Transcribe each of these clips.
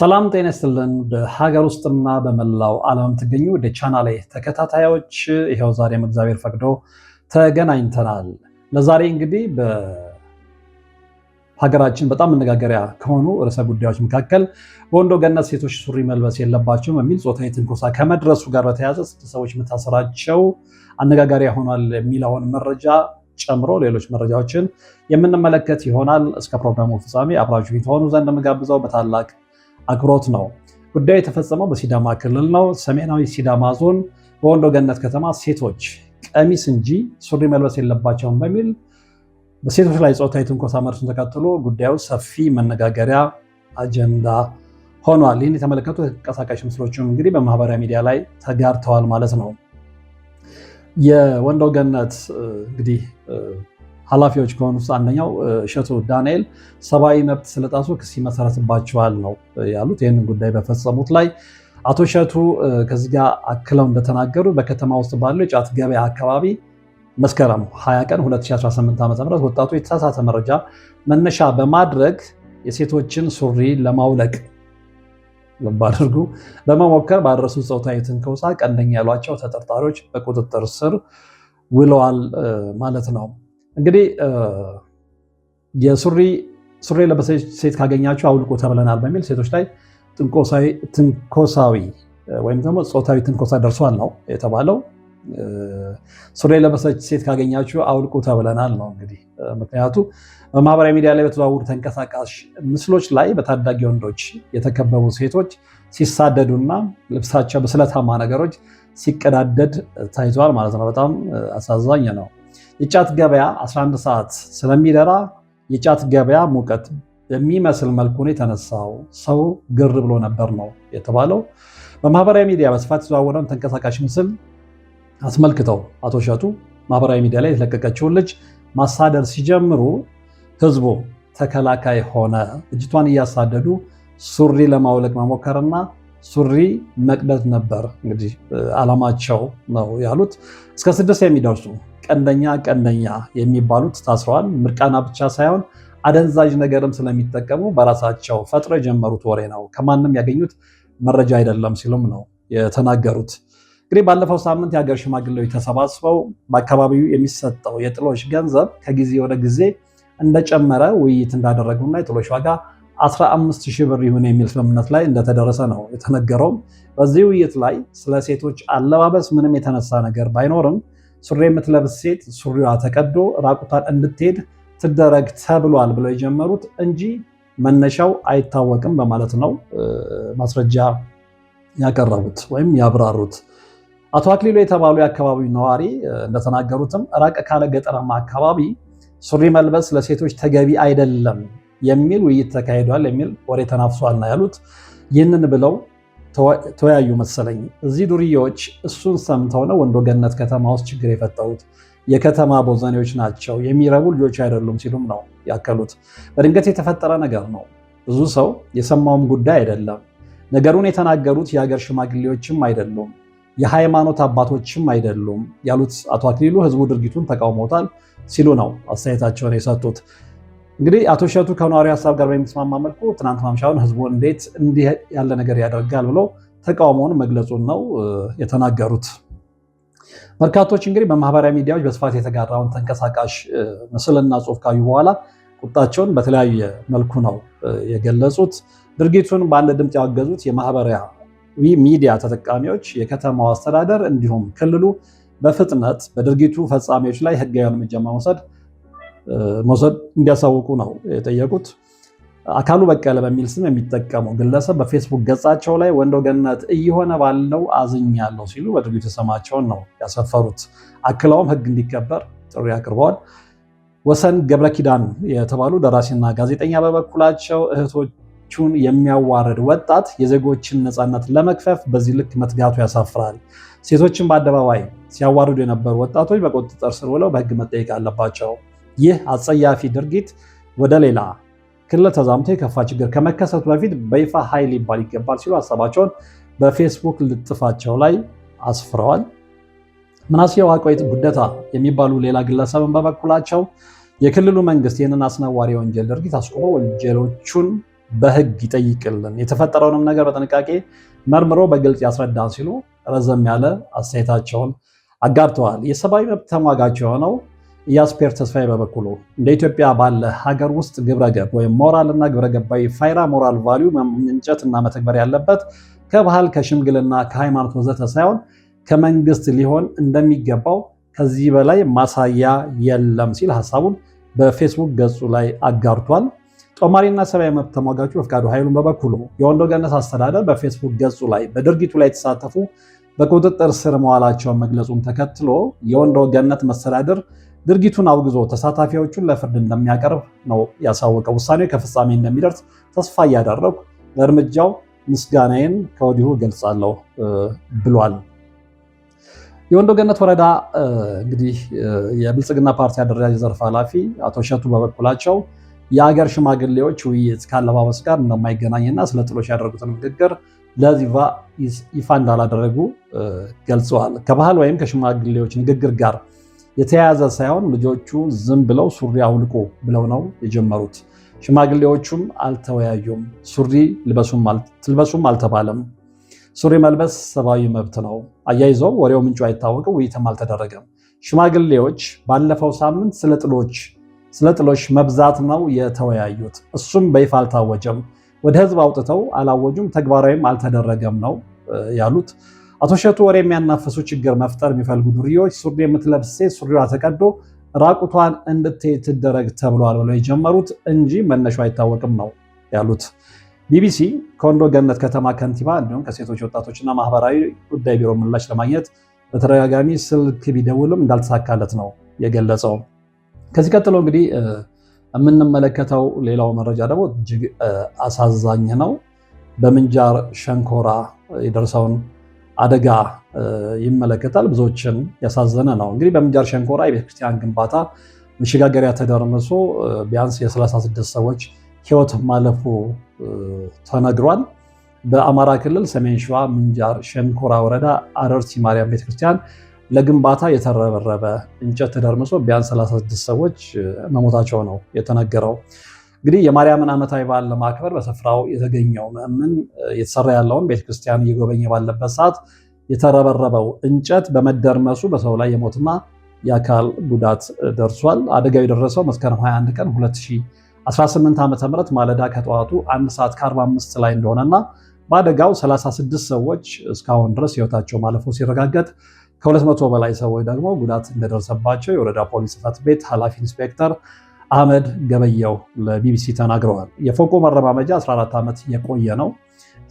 ሰላም ጤና ይስጥልን። በሀገር ውስጥና በመላው ዓለም የምትገኙ ወደ ቻናሌ ተከታታዮች ይኸው ዛሬም እግዚአብሔር ፈቅዶ ተገናኝተናል። ለዛሬ እንግዲህ በሀገራችን በጣም መነጋገሪያ ከሆኑ ርዕሰ ጉዳዮች መካከል በወንዶ ገነት ሴቶች ሱሪ መልበስ የለባቸውም የሚል ጾታዊ ትንኮሳ ከመድረሱ ጋር በተያያዘ ስድስት ሰዎች መታሰራቸው አነጋጋሪ ሆኗል የሚለውን መረጃ ጨምሮ ሌሎች መረጃዎችን የምንመለከት ይሆናል። እስከ ፕሮግራሙ ፍጻሜ አብራችሁ የተሆኑ ዘንድ የምጋብዘው በታላቅ አክብሮት ነው። ጉዳዩ የተፈጸመው በሲዳማ ክልል ነው። ሰሜናዊ ሲዳማ ዞን በወንዶ ገነት ከተማ ሴቶች ቀሚስ እንጂ ሱሪ መልበስ የለባቸውም በሚል በሴቶች ላይ ፆታዊ ትንኮሳ መድረሱን ተከትሎ ጉዳዩ ሰፊ መነጋገሪያ አጀንዳ ሆኗል። ይህን የተመለከቱ ተንቀሳቃሽ ምስሎችም እንግዲህ በማህበራዊ ሚዲያ ላይ ተጋርተዋል ማለት ነው። የወንዶ ገነት እንግዲህ ኃላፊዎች ከሆኑ ውስጥ አንደኛው እሸቱ ዳንኤል ሰብአዊ መብት ስለጣሱ ክስ ይመሰረትባቸዋል ነው ያሉት። ይህንን ጉዳይ በፈጸሙት ላይ አቶ እሸቱ ከዚህ ጋር አክለው እንደተናገሩ በከተማ ውስጥ ባለው የጫት ገበያ አካባቢ መስከረም 20 ቀን 2018 ዓ.ም ወጣቱ የተሳሳተ መረጃ መነሻ በማድረግ የሴቶችን ሱሪ ለማውለቅ ልብ አድርጉ፣ በመሞከር ባደረሱት ፆታዊ ትንኮሳ ቀንደኛ ያሏቸው ተጠርጣሪዎች በቁጥጥር ስር ውለዋል ማለት ነው። እንግዲህ የሱሪ ሱሪ የለበሰች ሴት ካገኛችሁ አውልቁ ተብለናል በሚል ሴቶች ላይ ትንኮሳዊ ወይም ደግሞ ፆታዊ ትንኮሳ ደርሷል ነው የተባለው። ሱሪ የለበሰች ሴት ካገኛችሁ አውልቁ ተብለናል ነው እንግዲህ። ምክንያቱ በማህበራዊ ሚዲያ ላይ በተዘዋወሩ ተንቀሳቃሽ ምስሎች ላይ በታዳጊ ወንዶች የተከበቡ ሴቶች ሲሳደዱና ልብሳቸው በስለታማ ነገሮች ሲቀዳደድ ታይተዋል ማለት ነው። በጣም አሳዛኝ ነው። የጫት ገበያ 11 ሰዓት ስለሚደራ የጫት ገበያ ሙቀት በሚመስል መልኩ ነው የተነሳው። ሰው ግር ብሎ ነበር ነው የተባለው። በማህበራዊ ሚዲያ በስፋት የተዘዋወረውን ተንቀሳቃሽ ምስል አስመልክተው አቶ እሸቱ ማህበራዊ ሚዲያ ላይ የተለቀቀችውን ልጅ ማሳደር ሲጀምሩ ህዝቡ ተከላካይ ሆነ። እጅቷን እያሳደዱ ሱሪ ለማውለቅ መሞከርና ሱሪ መቅደድ ነበር እንግዲህ አላማቸው ነው ያሉት። እስከ ስድስት የሚደርሱ ቀንደኛ ቀንደኛ የሚባሉት ታስረዋል። ምርቃና ብቻ ሳይሆን አደንዛዥ ነገርም ስለሚጠቀሙ በራሳቸው ፈጥረው የጀመሩት ወሬ ነው፣ ከማንም ያገኙት መረጃ አይደለም ሲሉም ነው የተናገሩት። እንግዲህ ባለፈው ሳምንት የሀገር ሽማግሌዎች ተሰባስበው በአካባቢው የሚሰጠው የጥሎሽ ገንዘብ ከጊዜ ወደ ጊዜ እንደጨመረ ውይይት እንዳደረጉና የጥሎሽ ዋጋ 15 ሺህ ብር ይሁን የሚል ስምምነት ላይ እንደተደረሰ ነው የተነገረውም። በዚህ ውይይት ላይ ስለ ሴቶች አለባበስ ምንም የተነሳ ነገር ባይኖርም ሱሪ የምትለብስ ሴት ሱሪዋ ተቀዶ ራቁታን እንድትሄድ ትደረግ ተብሏል ብለው የጀመሩት እንጂ መነሻው አይታወቅም በማለት ነው ማስረጃ ያቀረቡት ወይም ያብራሩት። አቶ አክሊሎ የተባሉ የአካባቢው ነዋሪ እንደተናገሩትም ራቅ ካለ ገጠራማ አካባቢ ሱሪ መልበስ ለሴቶች ተገቢ አይደለም የሚል ውይይት ተካሂዷል የሚል ወሬ ተናፍሷልና ያሉት ይህንን ብለው ተወያዩ መሰለኝ። እዚህ ዱርዬዎች እሱን ሰምተው ነው ወንዶ ገነት ከተማ ውስጥ ችግር የፈጠሩት። የከተማ ቦዘኔዎች ናቸው፣ የሚረቡ ልጆች አይደሉም ሲሉም ነው ያከሉት። በድንገት የተፈጠረ ነገር ነው። ብዙ ሰው የሰማውም ጉዳይ አይደለም። ነገሩን የተናገሩት የሀገር ሽማግሌዎችም አይደሉም። የሃይማኖት አባቶችም አይደሉም ያሉት አቶ አክሊሉ ህዝቡ ድርጊቱን ተቃውሞታል ሲሉ ነው አስተያየታቸውን የሰጡት። እንግዲህ አቶ እሸቱ ከነዋሪ ሀሳብ ጋር በሚስማማ መልኩ ትናንት ማምሻውን ህዝቡ እንዴት እንዲህ ያለ ነገር ያደርጋል ብለው ተቃውሞውን መግለጹን ነው የተናገሩት። በርካቶች እንግዲህ በማህበራዊ ሚዲያዎች በስፋት የተጋራውን ተንቀሳቃሽ ምስልና ጽሁፍ ካዩ በኋላ ቁጣቸውን በተለያየ መልኩ ነው የገለጹት። ድርጊቱን በአንድ ድምፅ ያወገዙት የማህበሪያ ሚዲያ ተጠቃሚዎች፣ የከተማው አስተዳደር እንዲሁም ክልሉ በፍጥነት በድርጊቱ ፈጻሚዎች ላይ ህጋዊ እርምጃ መውሰድ መውሰድ እንዲያሳውቁ ነው የጠየቁት። አካሉ በቀለ በሚል ስም የሚጠቀሙ ግለሰብ በፌስቡክ ገጻቸው ላይ ወንዶ ገነት እየሆነ ባለው አዝኛለሁ ሲሉ በድርጊቱ ስማቸውን ነው ያሰፈሩት። አክለውም ህግ እንዲከበር ጥሪ አቅርበዋል። ወሰን ገብረ ኪዳን የተባሉ ደራሲና ጋዜጠኛ በበኩላቸው እህቶች መብቶቹን የሚያዋርድ ወጣት የዜጎችን ነፃነት ለመክፈፍ በዚህ ልክ መትጋቱ ያሳፍራል። ሴቶችን በአደባባይ ሲያዋርዱ የነበሩ ወጣቶች በቁጥጥር ስር ውለው በህግ መጠየቅ አለባቸው። ይህ አጸያፊ ድርጊት ወደ ሌላ ክልል ተዛምቶ የከፋ ችግር ከመከሰቱ በፊት በይፋ ኃይል ሊባል ይገባል ሲሉ ሀሳባቸውን በፌስቡክ ልጥፋቸው ላይ አስፍረዋል። ምናሴ ዋቆይት ጉደታ የሚባሉ ሌላ ግለሰብን በበኩላቸው የክልሉ መንግስት ይህንን አስነዋሪ የወንጀል ድርጊት አስቆሞ ወንጀሎቹን በህግ ይጠይቅልን፣ የተፈጠረውንም ነገር በጥንቃቄ መርምሮ በግልጽ ያስረዳ ሲሉ ረዘም ያለ አስተያየታቸውን አጋርተዋል። የሰብአዊ መብት ተሟጋች የሆነው ኢያስፔር ተስፋዬ በበኩሉ እንደ ኢትዮጵያ ባለ ሀገር ውስጥ ግብረገብ ወይም ሞራል እና ግብረገባዊ ፋይራ ሞራል ቫሊዩ መምንጨት እና መተግበር ያለበት ከባህል ከሽምግልና ከሃይማኖት ወዘተ ሳይሆን ከመንግስት ሊሆን እንደሚገባው ከዚህ በላይ ማሳያ የለም ሲል ሀሳቡን በፌስቡክ ገጹ ላይ አጋርቷል። ጦማሪና ሰብአዊ መብት ተሟጋቹ በፍቃዱ ኃይሉን በበኩሉ የወንዶ ገነት አስተዳደር በፌስቡክ ገጹ ላይ በድርጊቱ ላይ የተሳተፉ በቁጥጥር ስር መዋላቸውን መግለጹን ተከትሎ የወንዶ ገነት መስተዳድር ድርጊቱን አውግዞ ተሳታፊዎቹን ለፍርድ እንደሚያቀርብ ነው ያሳወቀው። ውሳኔው ከፍጻሜ እንደሚደርስ ተስፋ እያደረጉ ለእርምጃው ምስጋናዬን ከወዲሁ ገልጻለሁ ብሏል። የወንዶ ገነት ወረዳ እንግዲህ የብልጽግና ፓርቲ አደረጃጀት ዘርፍ ኃላፊ አቶ እሸቱ በበኩላቸው የአገር ሽማግሌዎች ውይይት ካለባበስ ጋር እንደማይገናኝና ስለ ጥሎች ያደረጉትን ንግግር ለዚቫ ይፋ እንዳላደረጉ ገልጸዋል። ከባህል ወይም ከሽማግሌዎች ንግግር ጋር የተያያዘ ሳይሆን ልጆቹ ዝም ብለው ሱሪ አውልቁ ብለው ነው የጀመሩት። ሽማግሌዎቹም አልተወያዩም፣ ሱሪ ትልበሱም አልተባለም። ሱሪ መልበስ ሰብአዊ መብት ነው። አያይዘው ወሬው ምንጩ አይታወቅም፣ ውይይትም አልተደረገም። ሽማግሌዎች ባለፈው ሳምንት ስለ ጥሎች ስለ ጥሎሽ መብዛት ነው የተወያዩት። እሱም በይፋ አልታወጀም፣ ወደ ህዝብ አውጥተው አላወጁም፣ ተግባራዊም አልተደረገም ነው ያሉት አቶ እሸቱ። ወሬ የሚያናፍሱ ችግር መፍጠር የሚፈልጉ ዱርዬዎች፣ ሱሪ የምትለብስ ሴት ሱሪዋ ተቀዶ ራቁቷን እንድትሄድ ትደረግ ተብሏል ብለው የጀመሩት እንጂ መነሻ አይታወቅም ነው ያሉት። ቢቢሲ ከወንዶ ገነት ከተማ ከንቲባ እንዲሁም ከሴቶች ወጣቶችና ማህበራዊ ጉዳይ ቢሮ ምላሽ ለማግኘት በተደጋጋሚ ስልክ ቢደውልም እንዳልተሳካለት ነው የገለጸው። ከዚህ ቀጥሎ እንግዲህ የምንመለከተው ሌላው መረጃ ደግሞ እጅግ አሳዛኝ ነው። በምንጃር ሸንኮራ የደረሰውን አደጋ ይመለከታል። ብዙዎችን ያሳዘነ ነው። እንግዲህ በምንጃር ሸንኮራ የቤተክርስቲያን ግንባታ መሸጋገሪያ ተደርምሶ ቢያንስ የ36 ሰዎች ሕይወት ማለፉ ተነግሯል። በአማራ ክልል ሰሜን ሸዋ ምንጃር ሸንኮራ ወረዳ አረርቲ ማርያም ቤተክርስቲያን ለግንባታ የተረበረበ እንጨት ተደርምሶ ቢያንስ 36 ሰዎች መሞታቸው ነው የተነገረው። እንግዲህ የማርያምን ዓመታዊ በዓል ለማክበር በስፍራው የተገኘው ምዕመን የተሰራ ያለውን ቤተክርስቲያን እየጎበኘ ባለበት ሰዓት የተረበረበው እንጨት በመደርመሱ በሰው ላይ የሞትና የአካል ጉዳት ደርሷል። አደጋው የደረሰው መስከረም 21 ቀን 2018 ዓ ም ማለዳ ከጠዋቱ 1 ሰዓት ከ45 ላይ እንደሆነና በአደጋው 36 ሰዎች እስካሁን ድረስ ህይወታቸው ማለፉ ሲረጋገጥ ከሁለት መቶ በላይ ሰዎች ደግሞ ጉዳት እንደደረሰባቸው የወረዳ ፖሊስ ጽሕፈት ቤት ኃላፊ ኢንስፔክተር አህመድ ገበየው ለቢቢሲ ተናግረዋል። የፎቁ መረማመጃ 14 ዓመት የቆየ ነው።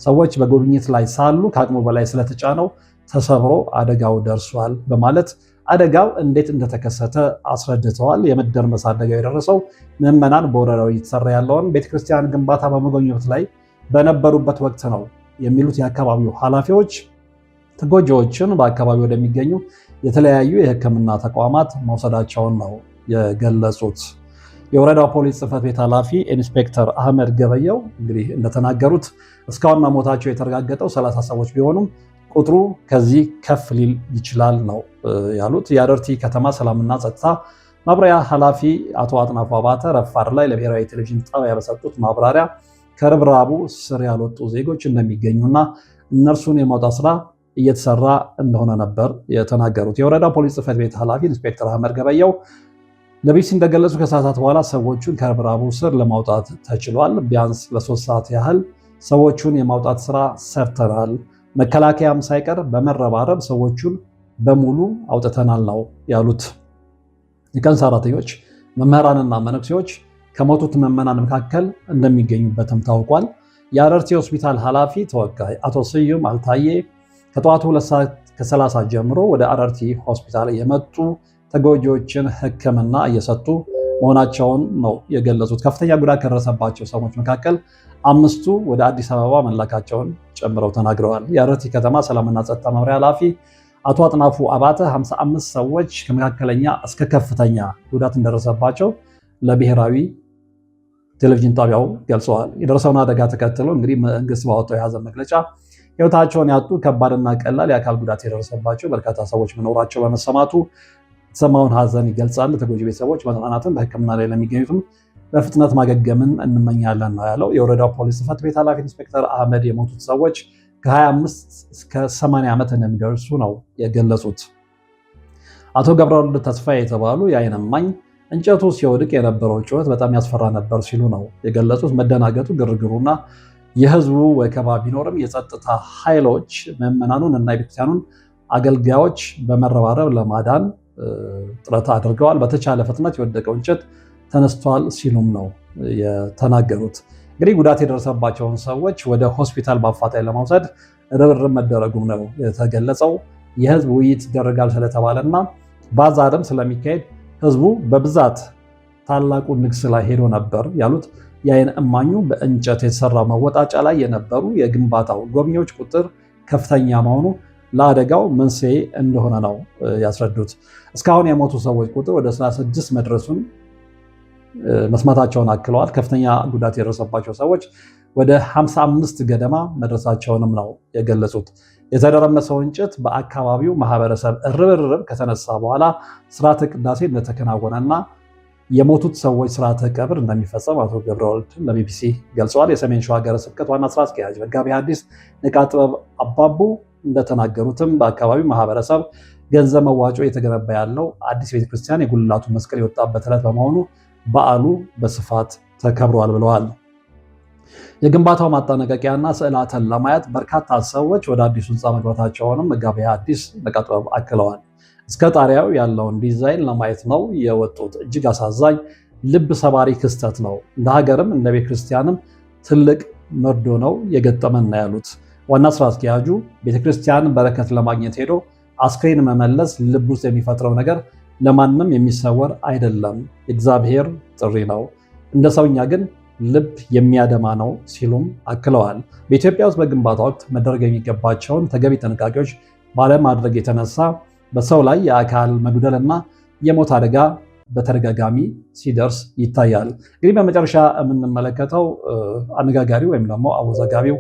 ሰዎች በጉብኝት ላይ ሳሉ ከአቅሙ በላይ ስለተጫነው ተሰብሮ አደጋው ደርሷል በማለት አደጋው እንዴት እንደተከሰተ አስረድተዋል። የመደርመስ አደጋው የደረሰው ምዕመናን በወረዳው እየተሰራ ያለውን ቤተክርስቲያን ግንባታ በመጎብኘት ላይ በነበሩበት ወቅት ነው የሚሉት የአካባቢው ኃላፊዎች ተጎጂዎችን በአካባቢ ወደሚገኙ የተለያዩ የሕክምና ተቋማት መውሰዳቸውን ነው የገለጹት። የወረዳው ፖሊስ ጽህፈት ቤት ኃላፊ ኢንስፔክተር አህመድ ገበየው እንግዲህ እንደተናገሩት እስካሁን መሞታቸው የተረጋገጠው ሰላሳ ሰዎች ቢሆኑም ቁጥሩ ከዚህ ከፍ ሊል ይችላል ነው ያሉት። የአደርቲ ከተማ ሰላምና ጸጥታ ማብሪያ ኃላፊ አቶ አጥናፉ አባተ ረፋድ ላይ ለብሔራዊ ቴሌቪዥን ጣቢያ በሰጡት ማብራሪያ ከርብራቡ ስር ያልወጡ ዜጎች እንደሚገኙና እነርሱን የማውጣት ስራ እየተሰራ እንደሆነ ነበር የተናገሩት። የወረዳ ፖሊስ ጽፈት ቤት ኃላፊ ኢንስፔክተር አህመድ ገበየው ለቢቢሲ እንደገለጹ ከሰዓታት በኋላ ሰዎቹን ከርብራቡ ስር ለማውጣት ተችሏል። ቢያንስ ለሶስት ሰዓት ያህል ሰዎቹን የማውጣት ስራ ሰርተናል። መከላከያም ሳይቀር በመረባረብ ሰዎቹን በሙሉ አውጥተናል ነው ያሉት። የቀን ሰራተኞች፣ መምህራንና መነኩሴዎች ከሞቱት ምዕመናን መካከል እንደሚገኙበትም ታውቋል። የአረርቲ ሆስፒታል ኃላፊ ተወካይ አቶ ስዩም አልታዬ ከጠዋቱ ሁለት ሰዓት ከ30 ጀምሮ ወደ አረርቲ ሆስፒታል የመጡ ተጎጂዎችን ሕክምና እየሰጡ መሆናቸውን ነው የገለጹት። ከፍተኛ ጉዳት ከደረሰባቸው ሰዎች መካከል አምስቱ ወደ አዲስ አበባ መላካቸውን ጨምረው ተናግረዋል። የአረርቲ ከተማ ሰላምና ጸጥታ መምሪያ ኃላፊ አቶ አጥናፉ አባተ 55 ሰዎች ከመካከለኛ እስከ ከፍተኛ ጉዳት እንደደረሰባቸው ለብሔራዊ ቴሌቪዥን ጣቢያው ገልጸዋል። የደረሰውን አደጋ ተከትሎ እንግዲህ መንግስት ባወጣው የያዘ መግለጫ ህይወታቸውን ያጡ ከባድና ቀላል የአካል ጉዳት የደረሰባቸው በርካታ ሰዎች መኖራቸው በመሰማቱ የተሰማውን ሀዘን ይገልጻል። ተጎጂ ቤተሰቦች መጽናናትን፣ በህክምና ላይ ለሚገኙትም በፍጥነት ማገገምን እንመኛለን ነው ያለው። የወረዳው ፖሊስ ጽሕፈት ቤት ኃላፊ ኢንስፔክተር አህመድ የሞቱት ሰዎች ከ25 እስከ 80 ዓመት እንደሚደርሱ ነው የገለጹት። አቶ ገብረወልድ ተስፋዬ የተባሉ የዓይን እማኝ እንጨቱ ሲወድቅ የነበረው ጩኸት በጣም ያስፈራ ነበር ሲሉ ነው የገለጹት። መደናገጡ፣ ግርግሩና የህዝቡ ወከባ ቢኖርም የጸጥታ ኃይሎች ምዕመናኑን እና የቤተክርስቲያኑን አገልጋዮች በመረባረብ ለማዳን ጥረት አድርገዋል። በተቻለ ፍጥነት የወደቀው እንጨት ተነስቷል ሲሉም ነው የተናገሩት። እንግዲህ ጉዳት የደረሰባቸውን ሰዎች ወደ ሆስፒታል በአፋጣኝ ለማውሰድ ርብርብ መደረጉም ነው የተገለጸው። የህዝብ ውይይት ይደረጋል ስለተባለ እና ባዛርም ስለሚካሄድ ህዝቡ በብዛት ታላቁ ንግስ ላይ ሄዶ ነበር ያሉት የዓይን እማኙ በእንጨት የተሰራ መወጣጫ ላይ የነበሩ የግንባታው ጎብኚዎች ቁጥር ከፍተኛ መሆኑ ለአደጋው መንስኤ እንደሆነ ነው ያስረዱት። እስካሁን የሞቱ ሰዎች ቁጥር ወደ 36 መድረሱን መስማታቸውን አክለዋል። ከፍተኛ ጉዳት የደረሰባቸው ሰዎች ወደ 55 ገደማ መድረሳቸውንም ነው የገለጹት። የተደረመሰው እንጨት በአካባቢው ማህበረሰብ ርብርብ ከተነሳ በኋላ ስርዓተ ቅዳሴ እንደተከናወነና የሞቱት ሰዎች ስርዓተ ቀብር እንደሚፈጸም አቶ ገብረወልድ ለቢቢሲ ገልጸዋል። የሰሜን ሸዋ ሀገረ ስብከት ዋና ስራ አስኪያጅ መጋቢ ሐዲስ ጥበብ አባቡ እንደተናገሩትም በአካባቢው ማህበረሰብ ገንዘብ መዋጮ እየተገነባ ያለው አዲስ ቤተክርስቲያን የጉልላቱ መስቀል የወጣበት ዕለት በመሆኑ በዓሉ በስፋት ተከብሯል ብለዋል። የግንባታው ማጠናቀቂያና ስዕላትን ለማየት በርካታ ሰዎች ወደ አዲሱ ህንፃ መግባታቸውንም መጋቢ ሐዲስ ጥበብ አክለዋል። እስከ ጣሪያው ያለውን ዲዛይን ለማየት ነው የወጡት። እጅግ አሳዛኝ ልብ ሰባሪ ክስተት ነው። እንደ ሀገርም እንደ ክርስቲያንም ትልቅ መርዶ ነው የገጠመና ያሉት ዋና ስራ አስኪያጁ። ቤተክርስቲያን በረከት ለማግኘት ሄዶ አስክሬን መመለስ ልብ ውስጥ የሚፈጥረው ነገር ለማንም የሚሰወር አይደለም፣ እግዚአብሔር ጥሪ ነው። እንደ ሰውኛ ግን ልብ የሚያደማ ነው ሲሉም አክለዋል። በኢትዮጵያ ውስጥ በግንባታ ወቅት መደረግ የሚገባቸውን ተገቢ ጥንቃቄዎች ባለማድረግ የተነሳ በሰው ላይ የአካል መጉደልና የሞት አደጋ በተደጋጋሚ ሲደርስ ይታያል። እንግዲህ በመጨረሻ የምንመለከተው አነጋጋሪው ወይም ደግሞ አወዛጋቢው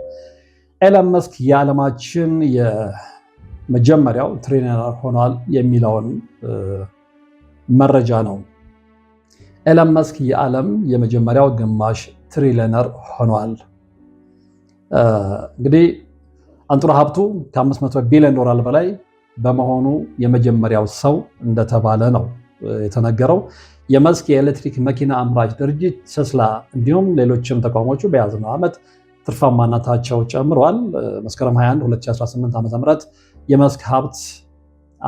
ኤለን መስክ የዓለማችን የመጀመሪያው ትሪሊየነር ሆኗል የሚለውን መረጃ ነው። ኤለን መስክ የዓለም የመጀመሪያው ግማሽ ትሪሊየነር ሆኗል። እንግዲህ አንጡራ ሀብቱ ከ500 ቢሊዮን ዶላር በላይ በመሆኑ የመጀመሪያው ሰው እንደተባለ ነው የተነገረው። የመስክ የኤሌክትሪክ መኪና አምራች ድርጅት ቴስላ እንዲሁም ሌሎችም ተቋሞቹ በያዝነው ዓመት ትርፋማነታቸው ጨምሯል። መስከረም 21 2018 ዓ የመስክ ሀብት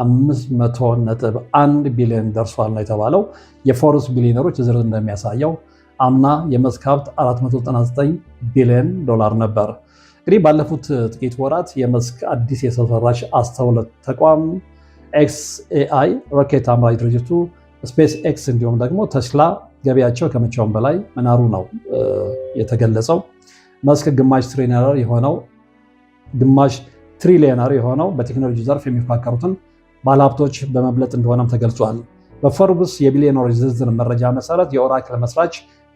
51 ቢሊዮን ደርሷል ነው የተባለው። የፎርስ ቢሊዮነሮች ዝርዝር እንደሚያሳየው አምና የመስክ ሀብት 499 ቢሊዮን ዶላር ነበር። እንግዲህ ባለፉት ጥቂት ወራት የመስክ አዲስ የሰው ሰራሽ አስተውለት ተቋም ኤክስኤአይ ሮኬት አምራች ድርጅቱ ስፔስ ኤክስ እንዲሁም ደግሞ ተስላ ገቢያቸው ከመቼውም በላይ መናሩ ነው የተገለጸው። መስክ ግማሽ ትሪሊየነር የሆነው ግማሽ ትሪሊየነር የሆነው በቴክኖሎጂ ዘርፍ የሚፋከሩትን ባለሀብቶች በመብለጥ እንደሆነም ተገልጿል። በፎርብስ የቢሊዮነሮች ዝርዝር መረጃ መሰረት የኦራክል መስራች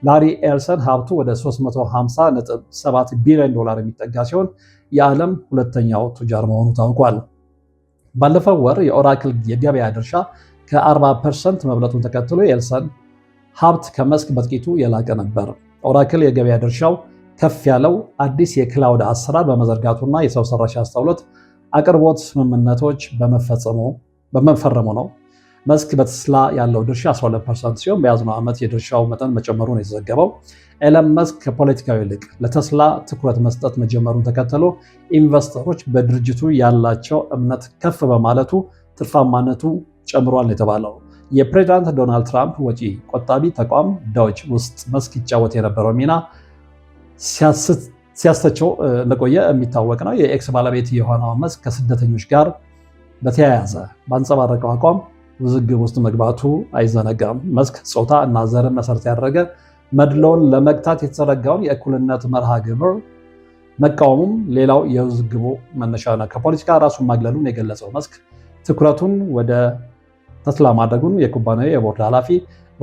ላሪ ኤልሰን ሀብቱ ወደ 350.7 ቢሊዮን ዶላር የሚጠጋ ሲሆን የዓለም ሁለተኛው ቱጃር መሆኑ ታውቋል። ባለፈው ወር የኦራክል የገበያ ድርሻ ከ40 ፐርሰንት መብለጡን ተከትሎ የኤልሰን ሀብት ከመስክ በጥቂቱ የላቀ ነበር። ኦራክል የገበያ ድርሻው ከፍ ያለው አዲስ የክላውድ አሰራር በመዘርጋቱና የሰው ሰራሽ አስተውሎት አቅርቦት ስምምነቶች በመፈረሙ ነው። መስክ በቴስላ ያለው ድርሻ 12 ፐርሰንት ሲሆን በያዝነው ዓመት የድርሻው መጠን መጨመሩ ነው የተዘገበው። ኤለን መስክ ከፖለቲካው ይልቅ ለተስላ ትኩረት መስጠት መጀመሩን ተከትሎ ኢንቨስተሮች በድርጅቱ ያላቸው እምነት ከፍ በማለቱ ትርፋማነቱ ጨምሯል የተባለው የፕሬዚዳንት ዶናልድ ትራምፕ ወጪ ቆጣቢ ተቋም ዳዎች ውስጥ መስክ ይጫወት የነበረው ሚና ሲያስተቸው እንደቆየ የሚታወቅ ነው። የኤክስ ባለቤት የሆነው መስክ ከስደተኞች ጋር በተያያዘ በአንጸባረቀው አቋም ውዝግብ ውስጥ መግባቱ አይዘነጋም። መስክ ጾታ እና ዘርን መሰረት ያደረገ መድሎውን ለመግታት የተዘረጋውን የእኩልነት መርሃ ግብር መቃወሙም ሌላው የውዝግቡ መነሻ ነው። ከፖለቲካ ራሱን ማግለሉን የገለጸው መስክ ትኩረቱን ወደ ተስላ ማድረጉን የኩባንያው የቦርድ ኃላፊ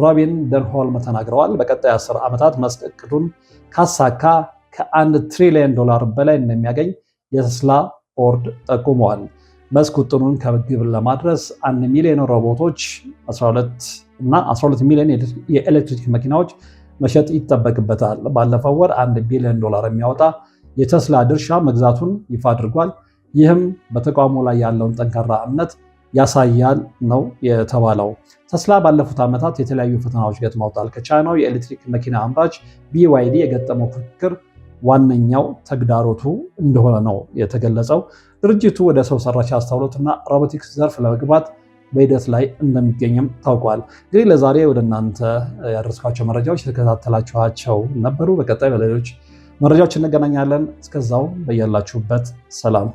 ሮቢን ደንሆልም ተናግረዋል። በቀጣይ አስር ዓመታት መስክ እቅዱን ካሳካ ከአንድ ትሪሊየን ዶላር በላይ እንደሚያገኝ የተስላ ቦርድ ጠቁመዋል። መስክ ውጥኑን ከግብ ለማድረስ 1 ሚሊዮን ሮቦቶች እና 12 ሚሊዮን የኤሌክትሪክ መኪናዎች መሸጥ ይጠበቅበታል። ባለፈው ወር 1 ቢሊዮን ዶላር የሚያወጣ የተስላ ድርሻ መግዛቱን ይፋ አድርጓል። ይህም በተቋሙ ላይ ያለውን ጠንካራ እምነት ያሳያል ነው የተባለው። ተስላ ባለፉት ዓመታት የተለያዩ ፈተናዎች ገጥመውታል። ከቻይናው የኤሌክትሪክ መኪና አምራች ቢዋይዲ የገጠመው ፍክክር ዋነኛው ተግዳሮቱ እንደሆነ ነው የተገለጸው። ድርጅቱ ወደ ሰው ሰራሽ አስተውሎትና ሮቦቲክስ ዘርፍ ለመግባት በሂደት ላይ እንደሚገኝም ታውቋል። እንግዲህ ለዛሬ ወደ እናንተ ያደረስኳቸው መረጃዎች የተከታተላችኋቸው ነበሩ። በቀጣይ በሌሎች መረጃዎች እንገናኛለን። እስከዛው በያላችሁበት ሰላም